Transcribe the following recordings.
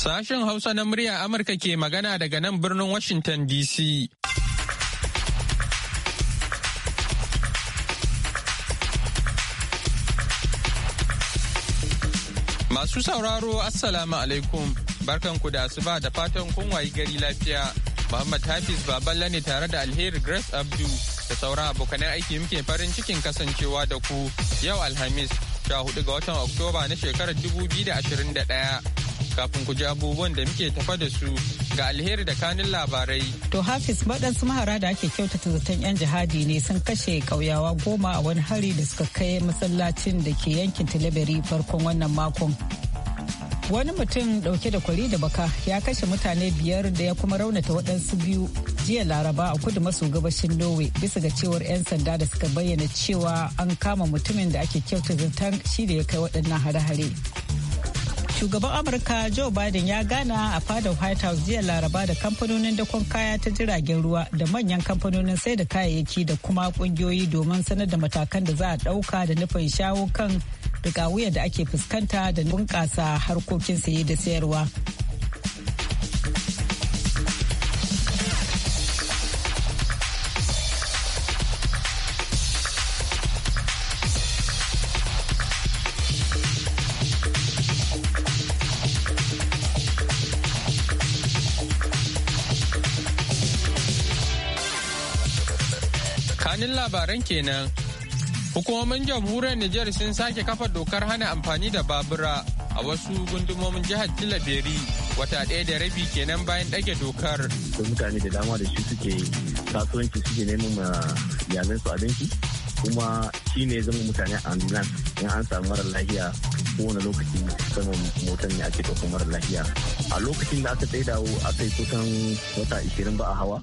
Sashen Hausa na murya Amurka ke magana daga nan birnin Washington DC. Masu sauraro Assalamu alaikum barkanku da asuba da fatan kun wayi gari lafiya. Muhammad Hafiz Baballa ne tare da Alheri Grace Abdu da saura abokanan aiki muke farin cikin kasancewa da ku yau Alhamis 14 ga watan Oktoba na shekarar 2021. Kafin ku ji abubuwan da muke tafa da su ga alheri da kanin labarai. To Hafiz waɗansu mahara da ake kyautata zaton 'yan jihadi ne sun kashe ƙauyawa goma a wani hari da suka kai masallacin da ke yankin Tilaberi farkon wannan makon. wani mutum dauke da kwari da baka ya kashe mutane biyar da ya kuma raunata waɗansu biyu jiya laraba a kudu maso gabashin norway bisa ga cewar 'yan sanda da suka bayyana cewa an kama mutumin da ake kyauta zaton shi da ya kai waɗannan hare-hare shugaban amurka joe biden ya gana a fadar white house jiya laraba da kamfanonin dakon kaya ta jiragen ruwa da manyan kamfanonin sai da kayayyaki da kuma kungiyoyi domin sanar da matakan da za a dauka da nufin shawo kan rigawuyar da ake fuskanta da bunkasa harkokin saye da sayarwa labaran kenan. Hukumomin jamhuriyar Nijar sun sake kafa dokar hana amfani da babura a wasu gundumomin jihar Tilaberi wata ɗaya da rabi kenan bayan ɗage dokar. Da mutane da dama da shi suke kasuwanci suke neman ma su abinci kuma shi ne zama mutane a nan in an samu mara ko kowane lokaci sama motar ne ake ɗaukar mara lahiya A lokacin da aka dawo aka yi kusan wata 20 ba a hawa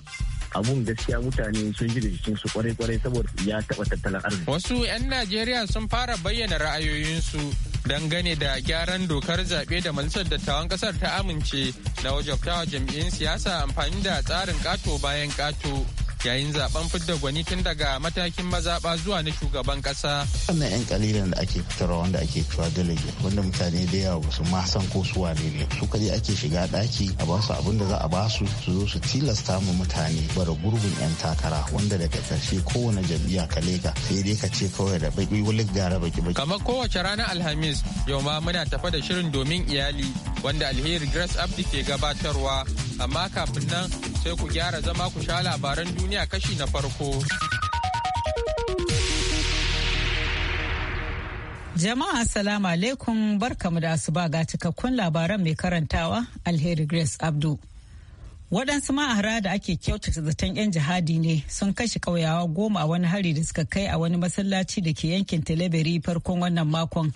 abun gaskiya mutane sun ji da su kwarai-kwarai saboda ya taba tattalin arziki. Wasu 'yan Najeriya sun fara bayyana ra'ayoyinsu dangane da gyaran dokar zaɓe da majalisar dattawan ƙasar ta amince na wajabtawa jam'iyyun siyasa amfani da tsarin kato bayan ƙato. yayin zaben fidda gwani tun daga matakin mazaɓa zuwa na shugaban kasa. Wannan 'yan kalilan da ake fitarwa wanda ake cewa delegate wanda mutane da yawa ba su ma san ko su wane ne su kaje ake shiga ɗaki a ba su abin da za a ba su su zo su tilasta mu mutane bara gurbin 'yan takara wanda daga ƙarshe kowane jam'iyya ka leka sai dai ka ce kawai da baki wani gara baki baki. Kamar kowace rana Alhamis yau ma muna tafa da shirin domin iyali wanda alheri Grace Abdi ke gabatarwa amma kafin nan sai ku gyara zama ku sha labaran duniya kashi na farko. Jama'a salamu alaikum barkamu da asuba ga cikakkun labaran mai karantawa Alheri Grace Abdu. wadansu ma'ahara da ake kyautata zaton 'yan jihadi ne sun kashe ƙauyawa goma a wani hari da suka kai a wani masallaci da ke yankin Teleberi farkon wannan makon.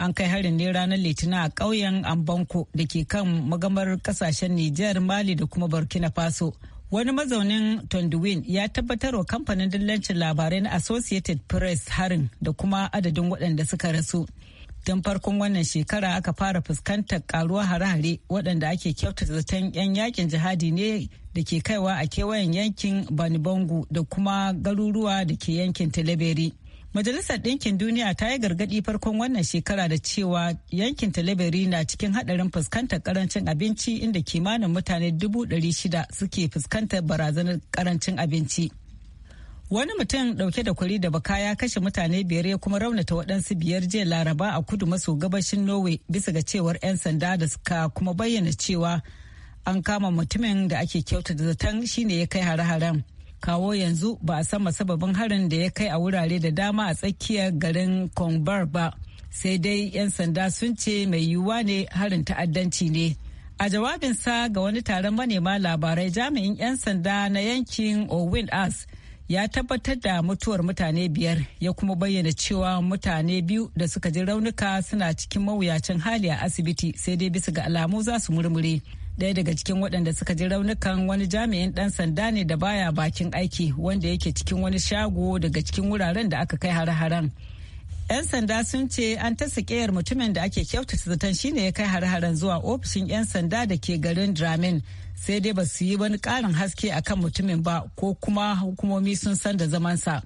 an kai harin ne ranar litinin a ƙauyen ambanko da ke kan magamar kasashen nijar mali da kuma burkina faso wani mazaunin tonduwin ya tabbatar wa kamfanin dillancin labarai na associated press harin da kuma adadin waɗanda suka rasu tun farkon wannan shekara aka fara fuskantar karuwar hare-hare waɗanda ake kyautata zaton 'yan yakin jihadi ne da ke kaiwa a kewayen yankin banibangu da kuma garuruwa da ke yankin teleberi Majalisar Ɗinkin Duniya ta yi gargaɗi farkon wannan shekara da cewa yankin Talabari na cikin haɗarin fuskantar ƙarancin abinci inda kimanin mutane dubu ɗari shida suke fuskantar barazanar ƙarancin abinci. Wani mutum ɗauke da kwari da baka ya kashe mutane biyar ya kuma raunata waɗansu biyar jiya Laraba a kudu maso gabashin Norway bisa ga cewar 'yan sanda da suka kuma bayyana cewa an kama mutumin da ake kyautata zaton shine ya kai hare-haren. kawo yanzu ba a sama sababin harin da ya kai a wurare da dama a tsakiyar garin kongbar ba sai dai 'yan sanda sun ce mai yiwuwa ne harin ta'addanci ne a jawabinsa ga wani taron manema labarai jami'in 'yan sanda na yankin owin as ya tabbatar da mutuwar mutane biyar ya kuma bayyana cewa mutane biyu da suka ji raunuka suna cikin mawuyacin hali a asibiti sai dai bisa ga alamu za su murmure daya daga cikin waɗanda suka ji raunukan wani jami'in ɗan sanda ne da baya bakin aiki wanda yake cikin wani shago daga cikin wuraren da aka kai hare-haren. 'Yan sanda sun ce an ta sakeyar mutumin da ake kyautata zaton shine ya kai hare-haren zuwa ofishin 'yan sanda da ke garin Dramin sai dai ba su yi wani ƙarin haske akan mutumin ba ko kuma hukumomi sun san da zamansa.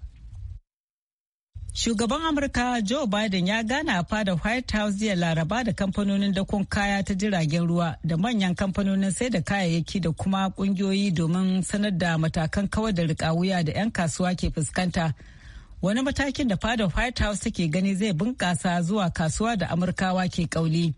Shugaban Amurka Joe Biden ya gana a fada White House jiya Laraba da kamfanonin dakon kaya ta jiragen ruwa da manyan kamfanonin sai da kayayyaki da kuma kungiyoyi domin sanar da matakan kawar da rika wuya da 'yan kasuwa ke fuskanta. Wani matakin da fada White House take gani zai bunƙasa zuwa kasuwa da Amurkawa ke kauli.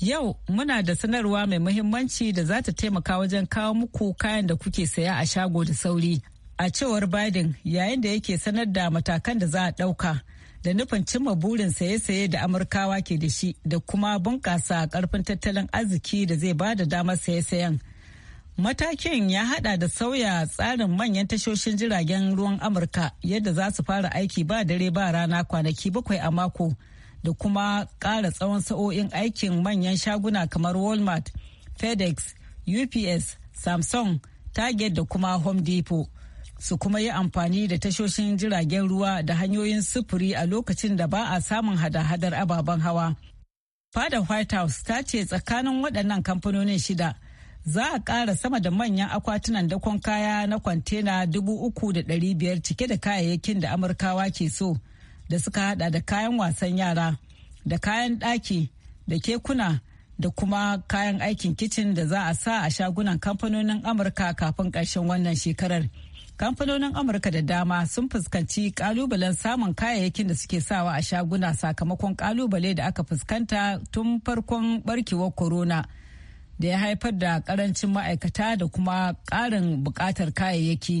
Yau muna da sanarwa mai muhimmanci da za ta taimaka wajen kawo muku kayan da kuke saya a shago da sauri. a cewar Biden yayin da yake sanar da matakan da za a ɗauka da nufin cimma burin saye-saye da Amurkawa ke da shi da kuma bunƙasa ƙarfin tattalin arziki da zai ba da damar saye-sayen. Matakin ya hada da sauya tsarin manyan tashoshin jiragen ruwan Amurka yadda za su fara aiki ba dare ba rana kwanaki bakwai a mako da kuma ƙara tsawon sa'o'in aikin manyan shaguna kamar Walmart, FedEx, UPS, Samsung, Target da kuma Home Depot. su kuma yi amfani da tashoshin jiragen ruwa da hanyoyin sufuri a lokacin da ba a samun hada-hadar ababen hawa. Fada White House ta ce tsakanin waɗannan kamfanonin shida za a ƙara sama da manyan akwatunan dakon kaya na kwantena biyar cike da kayayyakin da Amurkawa ke so da suka hada da kayan wasan yara da kayan ɗaki da kekuna da kuma kayan aikin kicin da za a sa a shagunan kamfanonin Amurka kafin ƙarshen wannan shekarar. kamfanonin amurka da dama sun fuskanci kalubalen samun kayayyakin da suke sawa a shaguna sakamakon kalubale da aka fuskanta tun farkon barkewar corona da ya haifar da karancin ma'aikata da kuma karin bukatar kayayyaki.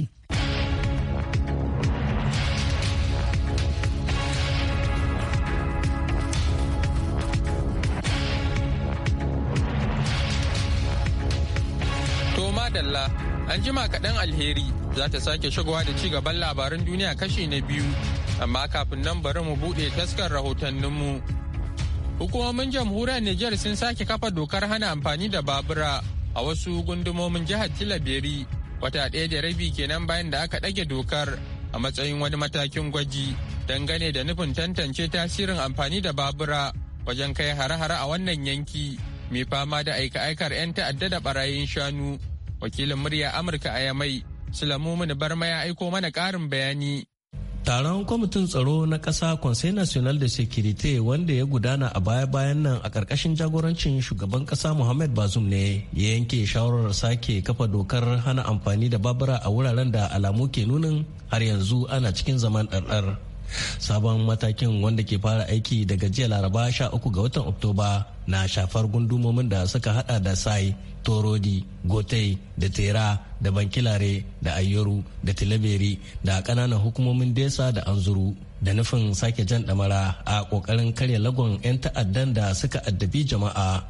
An jima kaɗan alheri za ta sake shigowa da ci gaban labaran duniya kashi na biyu, amma kafin nan bari mu buɗe taskar rahotanninmu. Hukumomin jamhuriyar Nijar sun sake kafa dokar hana amfani da babura a wasu gundumomin jihar Tilaberi wata ɗaya da rabi kenan bayan da aka ɗage dokar a matsayin wani matakin gwaji dangane da nufin tantance tasirin amfani da babura wajen kai hare-hare a wannan yanki mai fama da aika-aikar 'yan ta'adda da barayin shanu wakilin murya amurka a yamai sulamu mini barma ya aiko mana ƙarin bayani taron kwamitin tsaro na ƙasa conseil national de securite wanda ya gudana a baya-bayan nan a ƙarƙashin jagorancin shugaban ƙasa muhammad bazum ne ya yanke shawarar sake kafa dokar hana amfani da babura a wuraren da alamu ke nunin har yanzu ana cikin zaman ɗanɗar. sabon matakin wanda ke fara aiki daga jiya laraba 13 ga watan oktoba na shafar gundumomin da suka hada da sai torodi gotai da tera da bankilare da Ayyuru da tilaberi da kananan hukumomin desa da anzuru da nufin sake jan damara a kokarin karya lagon 'yan ta'addan da suka addabi jama'a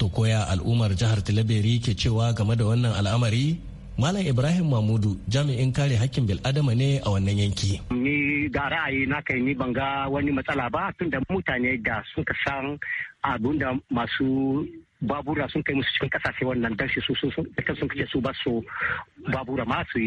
to koya al'ummar jihar tilaberi ke cewa game da wannan al'amari Malam Ibrahim Mahmudu jami'in kare hakkin bil'adama ne a wannan yanki. Ni da ra'ayi na kai ni ban ga wani matsala ba tun da mutane da sun ka san abun da masu babura sun kai musu cikin kasashe wannan dan shi su sun kace su ba su babura ma su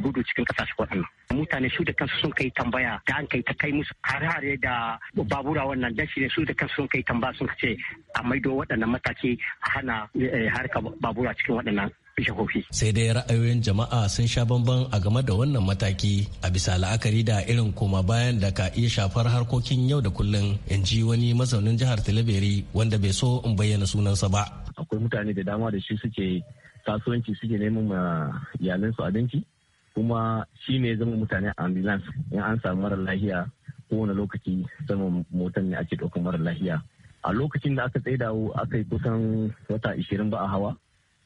gudu cikin kasashe wannan. Mutane su da kansu sun kai tambaya da an kai ta kai musu harare da babura wannan dan shi ne su da kansu sun kai tambaya sun kace a maido waɗannan mataki hana eh, harka babura cikin waɗannan Sai dai ra'ayoyin jama'a sun sha bamban a game da wannan mataki a bisa la'akari da irin koma bayan da ka iya shafar harkokin yau da kullum in ji wani mazaunin jihar Talabiri wanda bai so in bayyana sunansa ba. Akwai mutane da dama da shi suke kasuwanci suke neman ma iyalansu abinci kuma shi ne zama mutane ambulance in an samu mara lahiya kowane lokaci zama motar ne ake ɗaukar mara lahiya. A lokacin da aka dawo aka yi kusan wata ishirin ba a hawa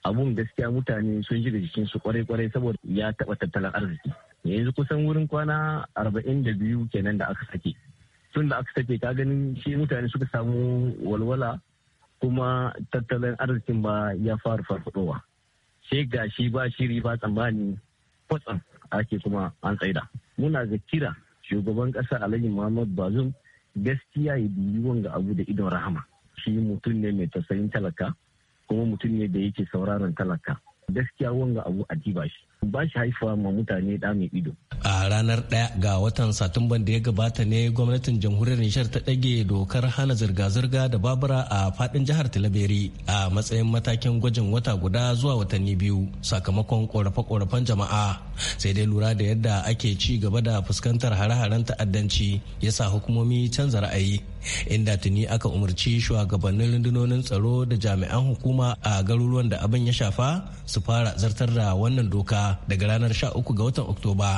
abun gaskiya mutane sun ji da jikin su kwarai kwarai saboda ya taba tattalin arziki yanzu kusan wurin kwana arba'in da biyu kenan da aka sake tun da aka sake ka ganin shi mutane suka samu walwala kuma tattalin arzikin ba ya fara farfadowa sai ga shi ba shiri ba tsammani kwatsam ake kuma an tsaida muna ga kira shugaban kasa alhaji muhammad bazum gaskiya ya biyi wanga abu da idon rahama shi mutum ne mai tausayin talaka kuma mutum ne da yake sauraron talaka gaskiya wanga abu a diba shi ba shi haifuwa ma mutane da mai ido. A ranar ɗaya ga watan Satumban da ya gabata ne gwamnatin jamhuriyar Nishar ta ɗage dokar hana zirga-zirga da babura a faɗin jihar tilaberi a matsayin matakin gwajin wata guda zuwa watanni biyu sakamakon ƙorafe-ƙorafen jama'a. Sai dai lura da yadda ake ci gaba da fuskantar hare-haren ta'addanci ya sa hukumomi canza ra'ayi. Inda tuni aka umarci shugabannin rundunonin tsaro da jami'an hukuma a garuruwan da abin ya shafa su fara zartar da wannan doka. daga ranar 13 ga watan Oktoba.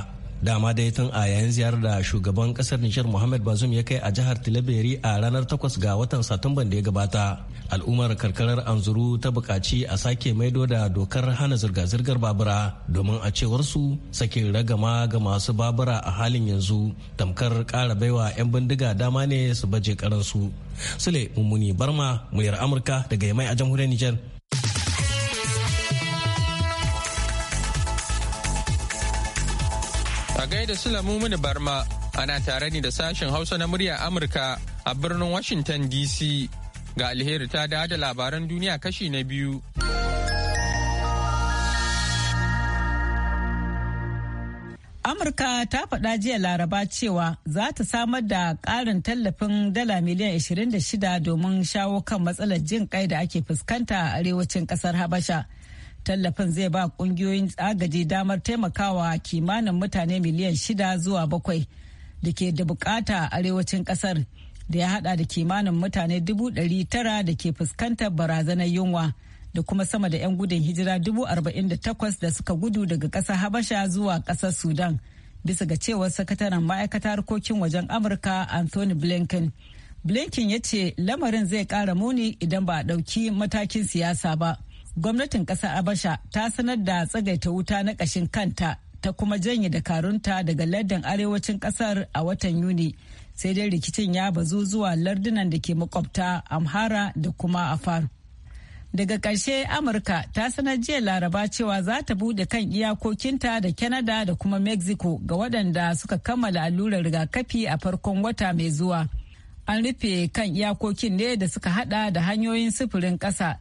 Dama dai tun a yayin ziyarar da shugaban kasar Nijar Muhammad Bazoum ya kai a jihar Tilaberi a ranar 8 ga watan Satumban da ya gabata. Al'ummar karkarar Anzuru ta buƙaci a sake maido da dokar hana zirga-zirgar babura domin a cewar su sake ragama ga masu babura a halin yanzu tamkar ƙara baiwa 'yan bindiga dama ne su baje karansu. Sule Mummuni Barma, muryar Amurka daga Yamai a jamhuriyar Nijar. A gaida Sulamu Mini Barma ana tare ni da sashen Hausa na murya Amurka a birnin Washington DC. Ga alheri ta da da labaran duniya kashi na biyu. Amurka ta faɗa jiya Laraba cewa za ta samar da ƙarin tallafin dala miliyan 26 domin shawo kan matsalar jin kai da ake fuskanta a arewacin ƙasar Habasha. tallafin zai ba kungiyoyin agaji damar taimakawa kimanin mutane miliyan shida zuwa bakwai da ke da bukata a arewacin kasar da ya hada da kimanin mutane dubu ɗari tara da ke fuskantar barazanar yunwa da kuma sama da 'yan gudun hijira dubu arba'in da takwas da suka gudu daga ƙasar habasha zuwa ƙasar sudan bisa ga cewar sakataren ma'aikatar harkokin wajen amurka anthony blinken blinken ya ce lamarin zai ƙara muni idan ba a ɗauki matakin siyasa ba gwamnatin ƙasar Abasha ta sanar da tsagaita wuta na ƙashin kanta ta kuma janye dakarunta daga lardin arewacin ƙasar a watan Yuni. Sai dai rikicin ya bazu zuwa lardunan da ke makwabta Amhara da kuma a Afar. Daga ƙarshe Amurka ta sanar jiya Laraba cewa za ta buɗe kan iyakokinta da Canada da kuma Mexico ga waɗanda suka kammala allurar rigakafi a farkon wata mai zuwa. An rufe kan iyakokin ne da suka hada da hanyoyin sufurin ƙasa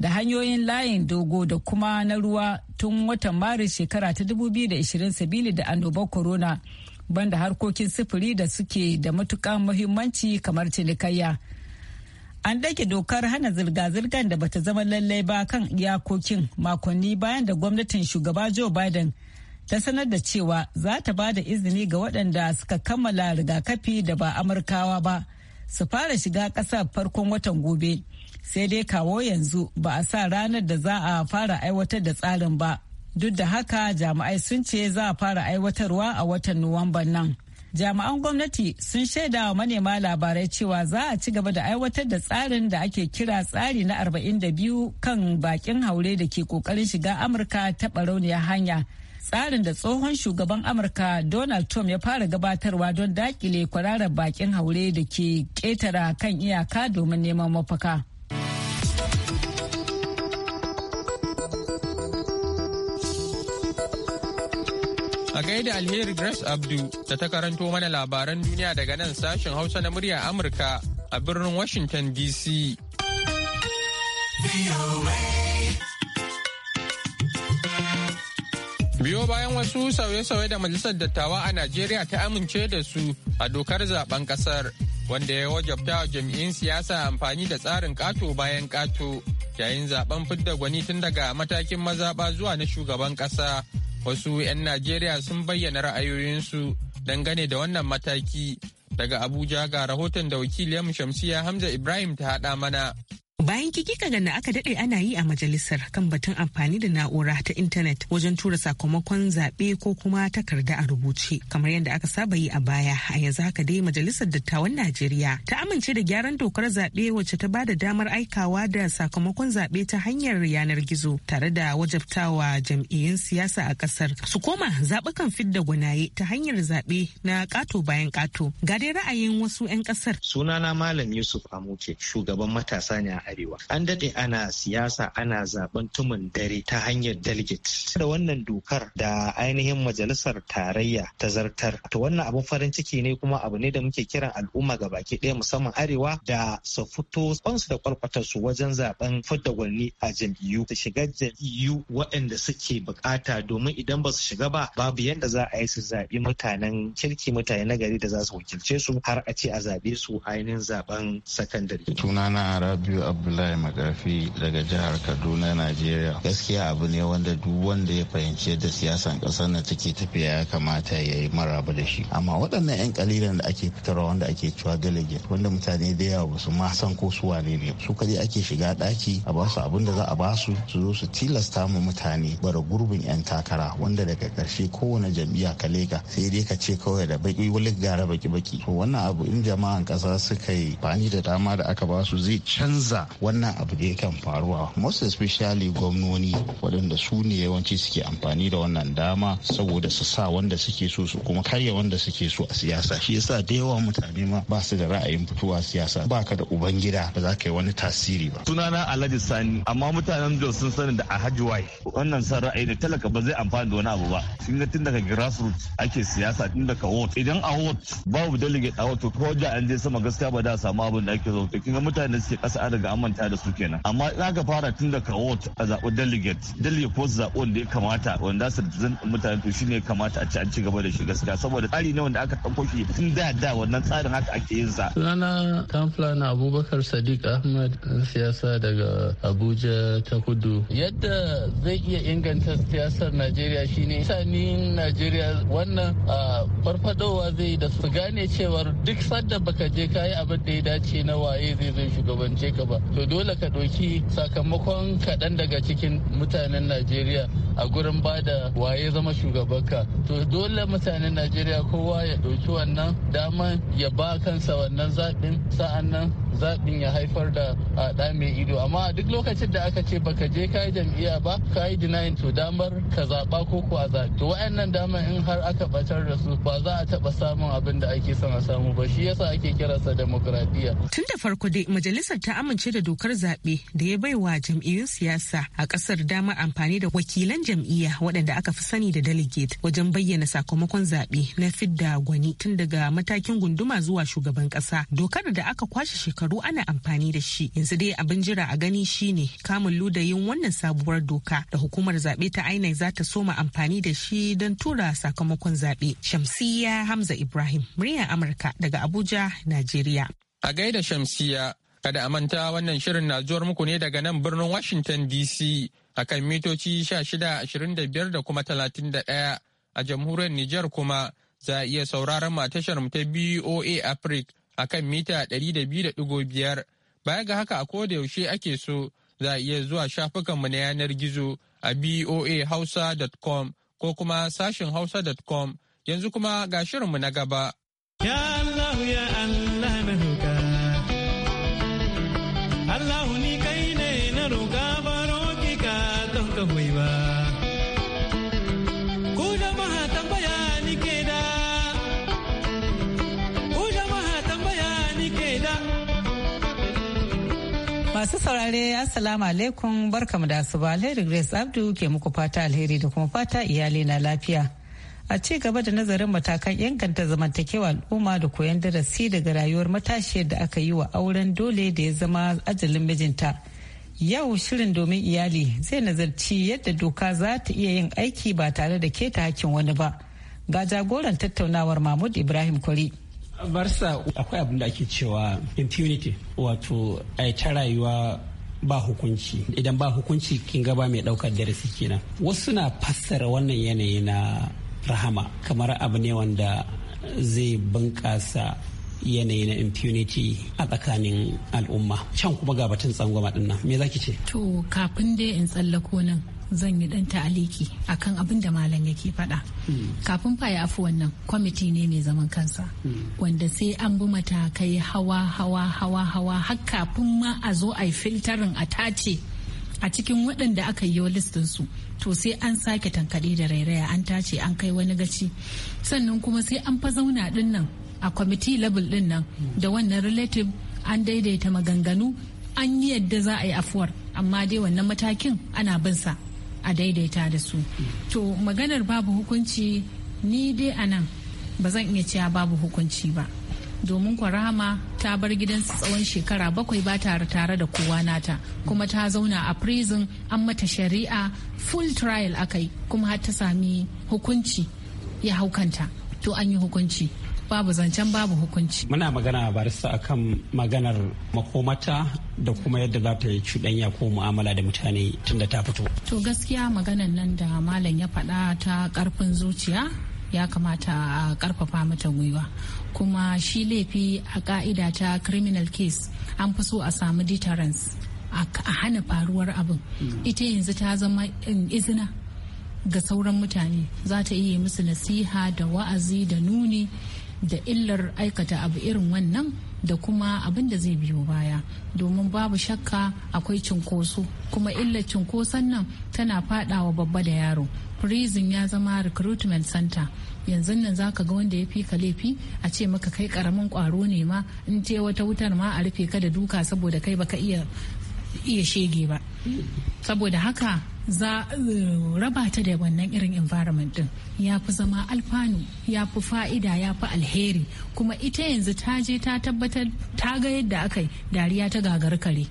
da hanyoyin layin dogo da kuma na ruwa tun watan maris shekara ta 2020 sabili da annobar corona banda harkokin sufuri da suke da matuƙa muhimmanci kamar cinikayya. An dake dokar hana zirga-zirgar da bata zama lallai ba kan iyakokin makonni bayan da gwamnatin shugaba Joe Biden ta sanar da cewa za ta ba da izini ga waɗanda suka kammala rigakafi da ba Amurkawa ba su fara shiga ƙasar farkon watan gobe. sai dai kawo yanzu ba a sa ranar da za a fara aiwatar da tsarin ba duk da haka jami'ai sun ce za a fara aiwatarwa a watan nuwamban nan jami'an gwamnati sun shaida wa manema labarai cewa za a ci gaba da aiwatar da tsarin da ake kira tsari na 42 kan bakin haure da ke kokarin shiga amurka ta barauniyar hanya tsarin da tsohon shugaban amurka donald trump ya fara gabatarwa don dakile kwararar bakin haure da ke ketara kan iyaka domin neman mafaka A gaida alheri Grace Abdu da ta karanto mana labaran duniya daga nan sashen Hausa na murya Amurka a birnin Washington DC. Biyo bayan wasu sauye-sauye da Majalisar Dattawa a Najeriya ta amince da su a dokar zaben kasar wanda ya wajabta jami'in siyasa amfani da tsarin kato bayan kato yayin zaben fidda gwani tun daga matakin mazaɓa zuwa na shugaban ƙasa wasu 'yan najeriya sun bayyana ra'ayoyinsu dangane da wannan mataki daga abuja ga rahoton da wakiliyar shamsiya hamza ibrahim ta haɗa mana Bayan kikikagan da aka daɗe ana yi a majalisar kan batun amfani da na'ura ta intanet wajen tura sakamakon zaɓe ko kuma takarda a rubuce kamar yadda aka saba yi a baya a yanzu haka dai majalisar dattawan Najeriya ta amince da gyaran dokar zaɓe wacce ta bada damar aikawa da sakamakon zaɓe ta hanyar yanar gizo tare da wajabtawa jam'iyyun siyasa a ƙasar su koma zaɓukan fidda gwanaye ta hanyar zaɓe na ƙato bayan ƙato. Ga dai ra'ayin wasu 'yan ƙasar. Sunana Malam Yusuf Amuke shugaban matasa ne arewa an daɗe ana siyasa ana zaben tumun dare ta hanyar delegate da wannan dokar da ainihin majalisar tarayya ta zartar to wannan abin farin ciki ne kuma abu ne da muke kiran al'umma ga baki ɗaya musamman arewa da su fito su da kwalkwatar su wajen zaben fadda gwalni a jam'iyyu su shiga jam'iyyu waɗanda suke bukata domin idan ba su shiga ba babu yadda za a yi su zaɓi mutanen kirki mutane na gari da za su wakilce su har a ce a zaɓe su ainihin zaben sakandare. Tunana Rabiu abdullahi makarfi daga jihar kaduna najeriya gaskiya abu ne wanda duk wanda ya fahimci yadda siyasan kasar na take tafiya ya kamata ya yi maraba da shi amma waɗannan 'yan kalilan da ake fitarwa wanda ake cewa galage wanda mutane da yawa su ma san ko su wane ne su kaje ake shiga ɗaki a ba su abin da za a ba su su zo su tilasta mu mutane bara gurbin 'yan takara wanda daga ƙarshe kowane jam'iyya ka leka sai dai ka ce kawai da baki wani gara baki baki to wannan abu in jama'an ƙasa suka yi fani da dama da aka ba zai canza wannan abu da yakan faruwa most especially gwamnoni waɗanda su ne yawanci suke amfani da wannan dama saboda su sa wanda suke so su kuma karya wanda suke so a siyasa shi yasa da yawa mutane ma ba su da ra'ayin fitowa siyasa ba ka da ubangida ba za ka yi wani tasiri ba sunana alhaji sani amma mutanen jos sun sani da alhaji wai wannan san ra'ayi ne talaka ba zai amfani da wani abu ba sun ga tun daga grassroots ake siyasa tun daga idan a ward babu delegate a ward to ko da an je sama gaskiya ba da samu abin da ake zo kin ga mutane suke kasa manta da su kenan amma za ka fara tun daga ward a zaɓi delegate delegate ko zaɓi da ya kamata wanda su zan mutane to shine kamata a ci an ci gaba da shi gaskiya saboda tsari ne wanda aka ɗauko shi tun da da wannan tsarin haka ake yin sa. sunana na abubakar sadiq ahmad siyasa daga abuja ta kudu yadda zai iya inganta siyasar najeriya shine mutanen najeriya wannan farfadowa zai da su gane cewar duk sadda baka je kayi abin da ya dace na waye zai zai shugabance ka ba to dole ka ɗauki sakamakon kaɗan daga cikin mutanen najeriya a gurin ba da waye zama shugabanka to dole mutanen najeriya kowa ya ɗauki wannan daman ya ba kansa wannan zaɓin sa'an nan zaɓin ya haifar da ɗa mai ido amma a duk lokacin da aka ce baka je ka yi jam'iyya ba ka yi denying to damar ka zaɓa ko kuwa zaɓi to wa'annan damar in har aka batar da su ba za a taɓa samun abin da ake son a samu ba shi yasa ake kiransa demokradiyya. tun da farko dai majalisar ta amince amince da dokar zaɓe da ya bai wa jam'iyyun siyasa a ƙasar dama amfani da wakilan jam'iyya waɗanda aka fi sani da delegate wajen bayyana sakamakon zaɓe na fidda gwani tun daga matakin gunduma zuwa shugaban ƙasa. Dokar da aka kwashe shekaru ana amfani da shi. Yanzu dai abin jira a gani shine kamun ludayin wannan sabuwar doka da hukumar zaɓe ta INEC za ta soma amfani da shi don tura sakamakon zaɓe. Shamsiya Hamza Ibrahim, muryar Amurka daga Abuja, Najeriya. A gaida Shamsiya, Kada a manta wannan shirin na zuwar muku ne daga nan birnin Washington DC a kan mitoci 1625 da kuma 31 a jamhuriyar Nijar kuma za a iya sauraron matashar mu ta BOA Africa a kan mita 200.5 baya ga haka a koda yaushe ake so za a iya zuwa shafukanmu na yanar gizo a boahausa.com ko kuma sashin hausa.com yanzu kuma ga shirinmu na gaba. Ya Allah ya Allah. Allah ni kai ne na roƙa baro ki ka don ka hoyi ba. Ku jama'a tambaya ni ke da, ku jama'a tambaya ni ke da. Masu saurare Assalamu alaikum barkamu da asuba Alheri Grace Abdu ke muku fata alheri da kuma fata iyali na lafiya. a ci gaba da nazarin matakan inganta zamantakewa al'umma da koyon darasi daga rayuwar matashiyar da aka yi wa auren dole da ya zama ajalin mijinta yau shirin domin iyali zai nazarci yadda doka za ta iya yin aiki ba tare da keta hakkin wani ba ga jagoran tattaunawar mahmud ibrahim kwari barsa akwai abin da ake cewa impunity wato a rayuwa ba hukunci idan ba hukunci kin gaba mai daukar darasi kenan wasu na fassara wannan yanayi na rahama kamar abu ne wanda zai bunƙasa yanayi na impunity a tsakanin al'umma can kuma ga batun tsangwama din nan me zaki ce to kafin dai in tsallako nan zan yi dan ta'aliki akan abin da malam yake faɗa hmm. kafin fa ya afu wannan kwamiti ne mai zaman kansa hmm. wanda sai an bi matakai hawa hawa hawa hawa har kafin ma a zo a yi filtarin a tace a cikin waɗanda aka yi wa listin su to sai an sake tankaɗe da rairaya an tace an kai wani gaci sannan kuma sai an fa zauna ɗin nan a kwamiti level ɗin nan da wannan relative an daidaita maganganu an yi yadda za a yi afuwar amma dai wannan matakin ana bin sa a daidaita da su to maganar babu hukunci ni dai a nan ba zan iya cewa babu hukunci ba domin rahama ta bar gidansu tsawon shekara bakwai ba tare tare da kowa nata kuma ta zauna a prison an mata shari'a full trial akai kuma har ta sami hukunci ya haukanta to an yi hukunci babu zancen babu hukunci. Muna magana barista akan maganar makomata da kuma yadda za ta yi cuɗanya ko mu'amala da mutane tunda ta fito. To gaskiya maganan nan da malam ya faɗa ta ƙarfin zuciya ya kamata a karfafa mata gwiwa kuma shi laifi a ka'ida ta criminal case an fi so a samu deterrence a hana faruwar abin ita yanzu ta zama um, izina ga sauran mutane za ta iya musu nasiha da wa'azi da nuni da illar aikata abu irin wannan da kuma abin da zai biyo baya domin babu shakka akwai cinkoso kuma illar cinkoson nan tana fadawa babba da yaro prison ya zama recruitment center yanzu nan za ka ga wanda ya fi ka laifi a ce maka kai karamin kwaro ne ma in ce wata wutar ma a rufe ka da duka saboda kai baka iya iya shege ba saboda haka za eh, raba ta da wannan irin environment din ya fi zama alfanu ya fi fa'ida ya fi alheri kuma ita yanzu ta je ta tabbatar ta ga yadda aka yi dariya ta gagar kare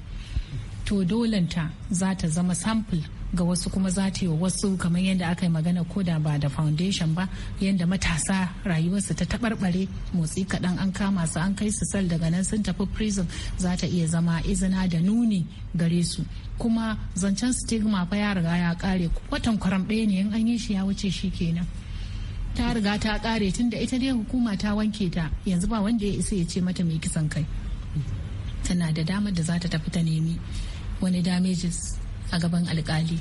to dolanta za ta zama sample ga wasu kuma za ta yi wasu kamar yadda aka yi magana ko da ba da foundation ba yadda matasa rayuwarsu ta taɓarɓare motsi kaɗan an kama su an kai su sal daga nan sun tafi prison za ta iya zama izina da nuni gare su kuma zancen stigma fa ya riga ya ƙare watan kwaram ɗaya ne in an yi shi ya wuce shi kenan ta riga ta ƙare tunda ita dai hukuma ta wanke ta yanzu ba wanda ya isa ya ce mata mai kisan kai tana da damar da za ta tafi ta nemi wani damages a gaban alkali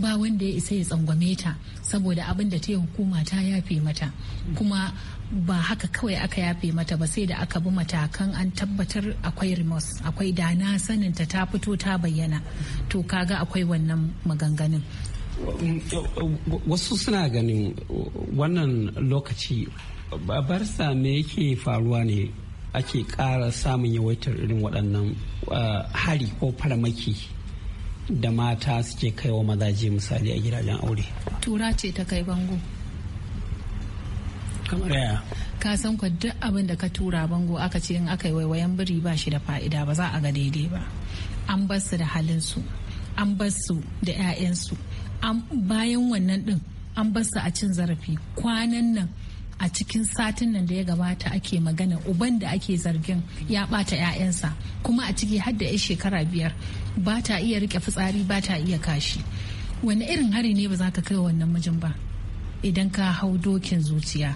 ba wanda ya isa ya tsangwame ta saboda abin da ta yi hukuma ta yafe mata kuma ba haka kawai aka yafe mata ba sai da aka bi matakan an tabbatar akwai remorse akwai dana saninta ta fito ta bayyana to kaga akwai wannan maganganun wasu suna ganin wannan lokaci barsa me yake faruwa ne ake ƙara samun yawaitar irin waɗannan eh, hari ko faramaki da mata suke kai wa mazaje misali a gidajen aure tura ce ta kai bango kamar yaya ka san ku duk abin da ka tura bango aka ce in aka yi waiwayen biri ba shi da fa'ida ba za a ga daidai ba an bar su da halin su an bar su da 'ya'yansu bayan wannan din an bar su a cin zarafi kwanan nan a cikin satin nan da ya gabata ake magana uban da ake zargin ya bata 'ya'yansa kuma a ciki har da 'yan shekara biyar ba ta iya rike fitsari ba ta iya kashi wani irin hari ne ba za ka kai wannan mijin ba idan ka hau dokin zuciya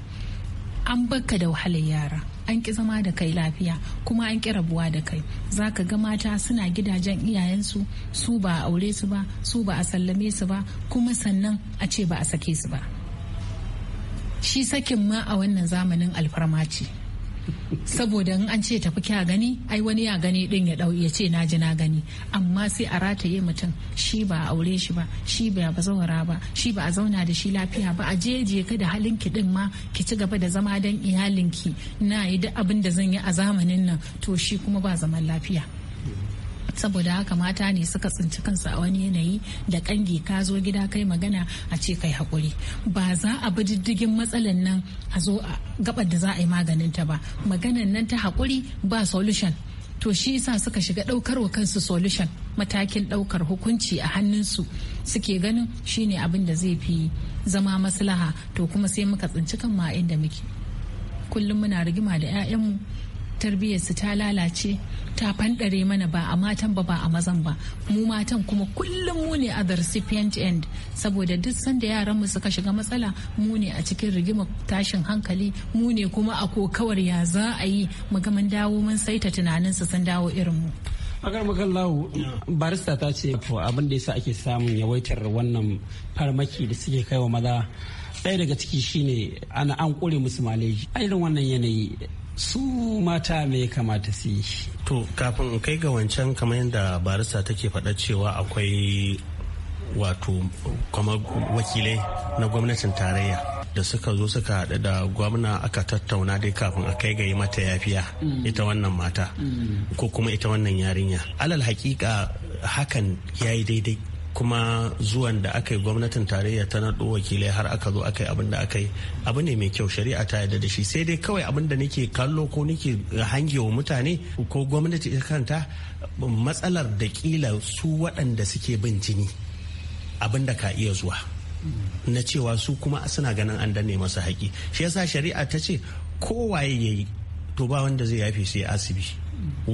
an baka da wahalar yara an ki zama da kai lafiya kuma an ki rabuwa da kai za ka ga mata suna gidajen iyayensu su ba a aure su ba su ba a sallame su ba kuma sannan a ce ba a sake su ba shi sakin ma a wannan zamanin alfarmaci. saboda in an ce tafi kya gani ai wani ya gani din ya dau ya ce na ji na gani amma sai a rataye mutum shi ba a aure shi ba shi ba ba zaura ba shi ba a zauna da shi lafiya ba a jeje ka da halin ki din ma ki ci gaba da zama dan iyalinki ki na yi duk abin da zan yi a zamanin nan to shi kuma ba zaman lafiya saboda haka mata ne suka tsinci kansu a wani yanayi da kange ka zo gida kai magana a ce kai hakuri ba za a bi diddigin matsalan nan a zo a gabar da za a yi maganin ta ba maganan nan ta hakuri ba solution to shi yasa suka shiga daukar wa kansu solution matakin daukar hukunci a hannunsu suke ganin shine abin da zai fi zama maslaha to kuma sai muka tsinci kan ma inda muke kullum muna rigima da 'ya'yanmu tarbiyyarsu ta lalace ta fanɗare mana ba a matan ba ba a mazan ba mu matan kuma kullum mu ne a the recipient end saboda duk sanda yaran mu suka shiga matsala mu ne a cikin rigima tashin hankali mu ne kuma a kokawar ya za a yi mu ga mun dawo mun saita tunanin su sun dawo irin mu agar makallahu barista ta ce abin da yasa ake samun yawaitar wannan farmaki da suke kaiwa maza ɗaya daga ciki shine ana an kure musu maleji a irin wannan yanayi su mata me kamata su yi to kafin kai ga wancan kamar yadda barista take faɗa cewa akwai wato kamar wakilai na gwamnatin tarayya da suka zo suka haɗu da gwamna aka tattauna dai kafin a kai ga yi mata yafiya mm. ita wannan mata mm. ko kuma ita wannan yarinya alal hakika hakan ya yi daidai kuma zuwan da aka yi gwamnatin tarayya ta naɗo wakilai har aka zo aka yi abin da aka yi abu ne mai kyau shari'a ta yarda da shi sai dai kawai abin da nake kallo ko nake wa mutane ko gwamnati ta kanta matsalar da kila su waɗanda suke bin jini abin da ka iya zuwa na cewa su kuma suna ganin an danne masa haƙi shi yasa shari'a ta ce kowaye ya yi to ba wanda zai haife sai asibi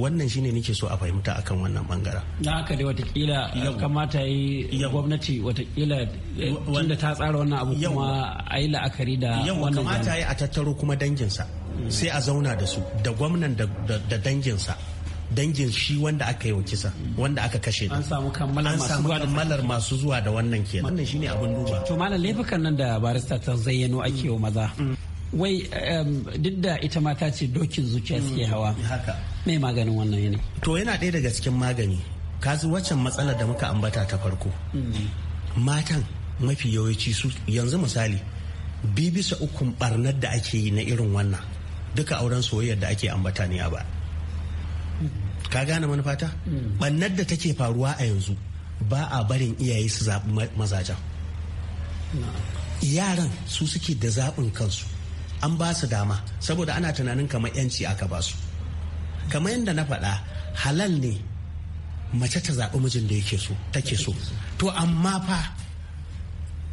wannan shine nake so a fahimta akan wannan bangaren na aka dai watakila eh, kamata yi gwamnati watakila eh, wanda ta tsara wannan abu kuma a yi la'akari da wannan kamata yi a tattaro kuma danginsa sai a zauna da su da gwamnan da danginsa dangin shi wanda aka yi wa kisa wanda aka kashe an samu kammalar masu zuwa da wannan kenan wannan shine abin duba to malam laifukan nan da barista ta zayyano ake wa maza mm. wai um, duk da ita mata ce dokin zuciya suke hmm, hawa mai maganin wannan yanayi to yana ɗaya daga cikin magani kazi waccan matsalar da muka ambata ta farko hmm. matan mafi yawanci su yanzu misali bi bisa ukun barnar da ake yi na irin wannan duka auren soyayyar da ake ambata ne ba hmm. ka gane manufata barnar da take faruwa a yanzu ba a barin iyaye su zaɓi mazajen yaran su suke da zaɓin kansu an ba su dama saboda ana tunanin kamar yanci aka ba su kamar yadda na faɗa halal ne mace ta zaɓi mijin da yake so take so to amma fa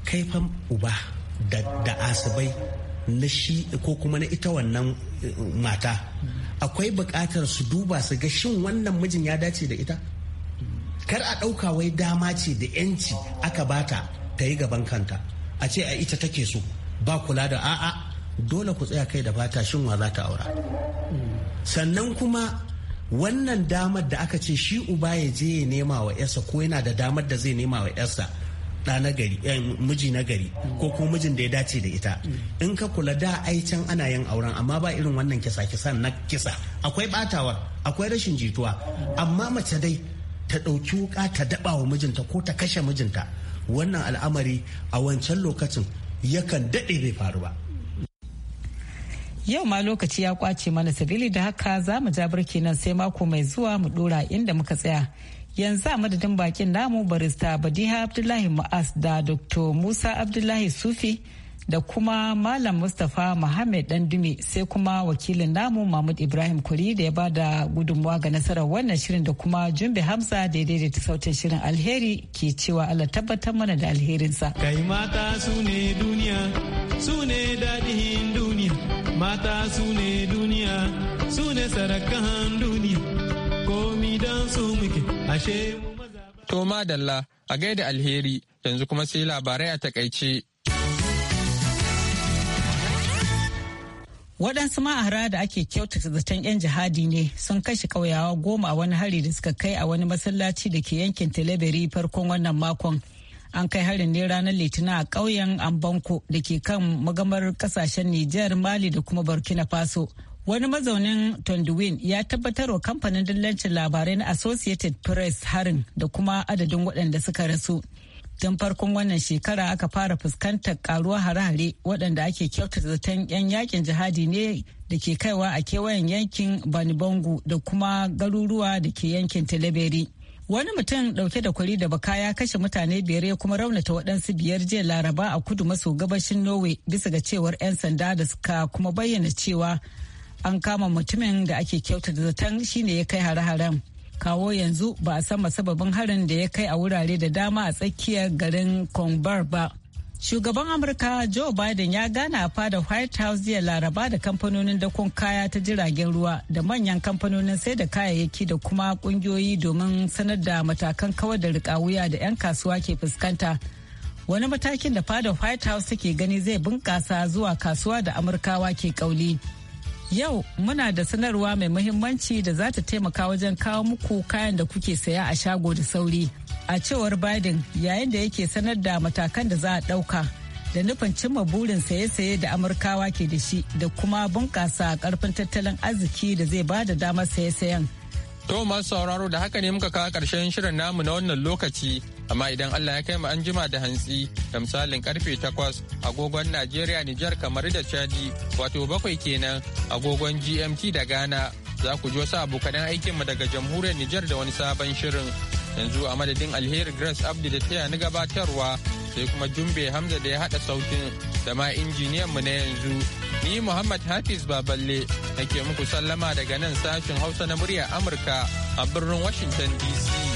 kaifan uba da, asibai na shi ko kuma na ita wannan eh, mata akwai buƙatar su duba su ga shin wannan mijin ya dace da ita kar a ɗauka wai dama ce da yanci aka bata ta yi gaban kanta a ce a ita take so ba kula da a'a dole ku tsaya kai da fata shin wa za ta aura sannan kuma wannan damar da aka ce shi uba ya je ya nema wa yarsa ko yana da damar da zai nema wa yarsa da na gari eh, miji na gari ko kuma mijin da ya dace da ita in ka kula da ai ana yin auren amma ba irin wannan kisa kisa na kisa akwai batawa akwai rashin jituwa amma mace dai ta ɗauki wuka ta daɓa wa mijinta ko ta kashe mijinta wannan al'amari a wancan lokacin yakan dade bai faru ba Yau ma lokaci ya kwace mana sabili da haka za mu ja birki nan sai mako mai zuwa mu dora inda muka tsaya. Yanzu a madadin bakin namu barista Badiha Abdullahi Ma'as da Dr. Musa Abdullahi Sufi da kuma Malam Mustapha dan Dandumi sai kuma wakilin namu Mahmud Ibrahim Kuri da ya ba da gudunmawa ga nasarar wannan shirin da kuma Jumbe Hamza da ya daidaita sautin shirin alheri ke cewa Allah tabbatar mana da alherinsa. Kai mata su ne duniya su ne dadihin mata su ne duniya su ne sarakan duniya komi don su muke ashe To madalla a gaida alheri yanzu kuma sai labarai a takaice. Waɗansu ma'ahara da ake kyautata zaton 'yan jihadi ne sun kashe ƙauyawa goma a wani hari da suka kai a wani masallaci da ke yankin Teleberi farkon wannan makon. an kai harin ne ranar litinin a ƙauyen ambanko da ke kan magamar kasashen nijar mali da kuma burkina faso wani mazaunin tonduwin ya tabbatar wa kamfanin dillancin labarai na associated press harin da kuma adadin waɗanda suka rasu tun farkon wannan shekara aka fara fuskantar karuwar hare-hare waɗanda ake kyautata zaton 'yan yakin jihadi ne da ke kaiwa a kewayen yankin banibangu da kuma garuruwa da ke yankin talabari. Wani mutum dauke da kwari da baka ya kashe mutane biyar ya kuma raunata waɗansu biyar jiya laraba a kudu maso gabashin Norway bisa ga cewar 'yan sanda da suka kuma bayyana cewa an kama mutumin da ake kyauta da zaton shine ya kai hare-haren. Kawo yanzu ba a san masababin harin da ya kai a wurare da dama a tsakiyar garin Kongbar ba. Shugaban Amurka Joe Biden ya gana a fada White House jiya Laraba da kamfanonin dakon kaya ta jiragen ruwa da manyan kamfanonin sai da kayayyaki da kuma kungiyoyi domin sanar da matakan kawar da rika wuya da 'yan kasuwa ke fuskanta. Wani matakin da fada White House take gani zai bunkasa zuwa kasuwa da Amurkawa ke kauli. Yau muna da sanarwa mai muhimmanci da za ta taimaka wajen kawo muku kayan da kuke saya a shago da sauri. a cewar biden yayin da yake sanar da matakan da za a ɗauka da nufin cimma burin saye-saye da amurkawa ke da shi da kuma bunƙasa karfin tattalin arziki da zai ba da damar saye-sayen to masu sauraro da haka ne muka kawo ƙarshen shirin namu na wannan lokaci amma idan allah ya kai mu an jima da hantsi da misalin karfe takwas agogon najeriya nijar kamar da chadi wato bakwai kenan agogon gmt da ghana za ku ji wasu abokanan aikinmu daga jamhuriyar nijar da wani sabon shirin yanzu a madadin alheri grace abdi da taya ni gabatarwa sai kuma jumbe hamza da ya haɗa sautin da ma injiniyan mu na yanzu ni muhammad hafiz baballe nake muku sallama daga nan sashin hausa na muryar amurka a birnin washington dc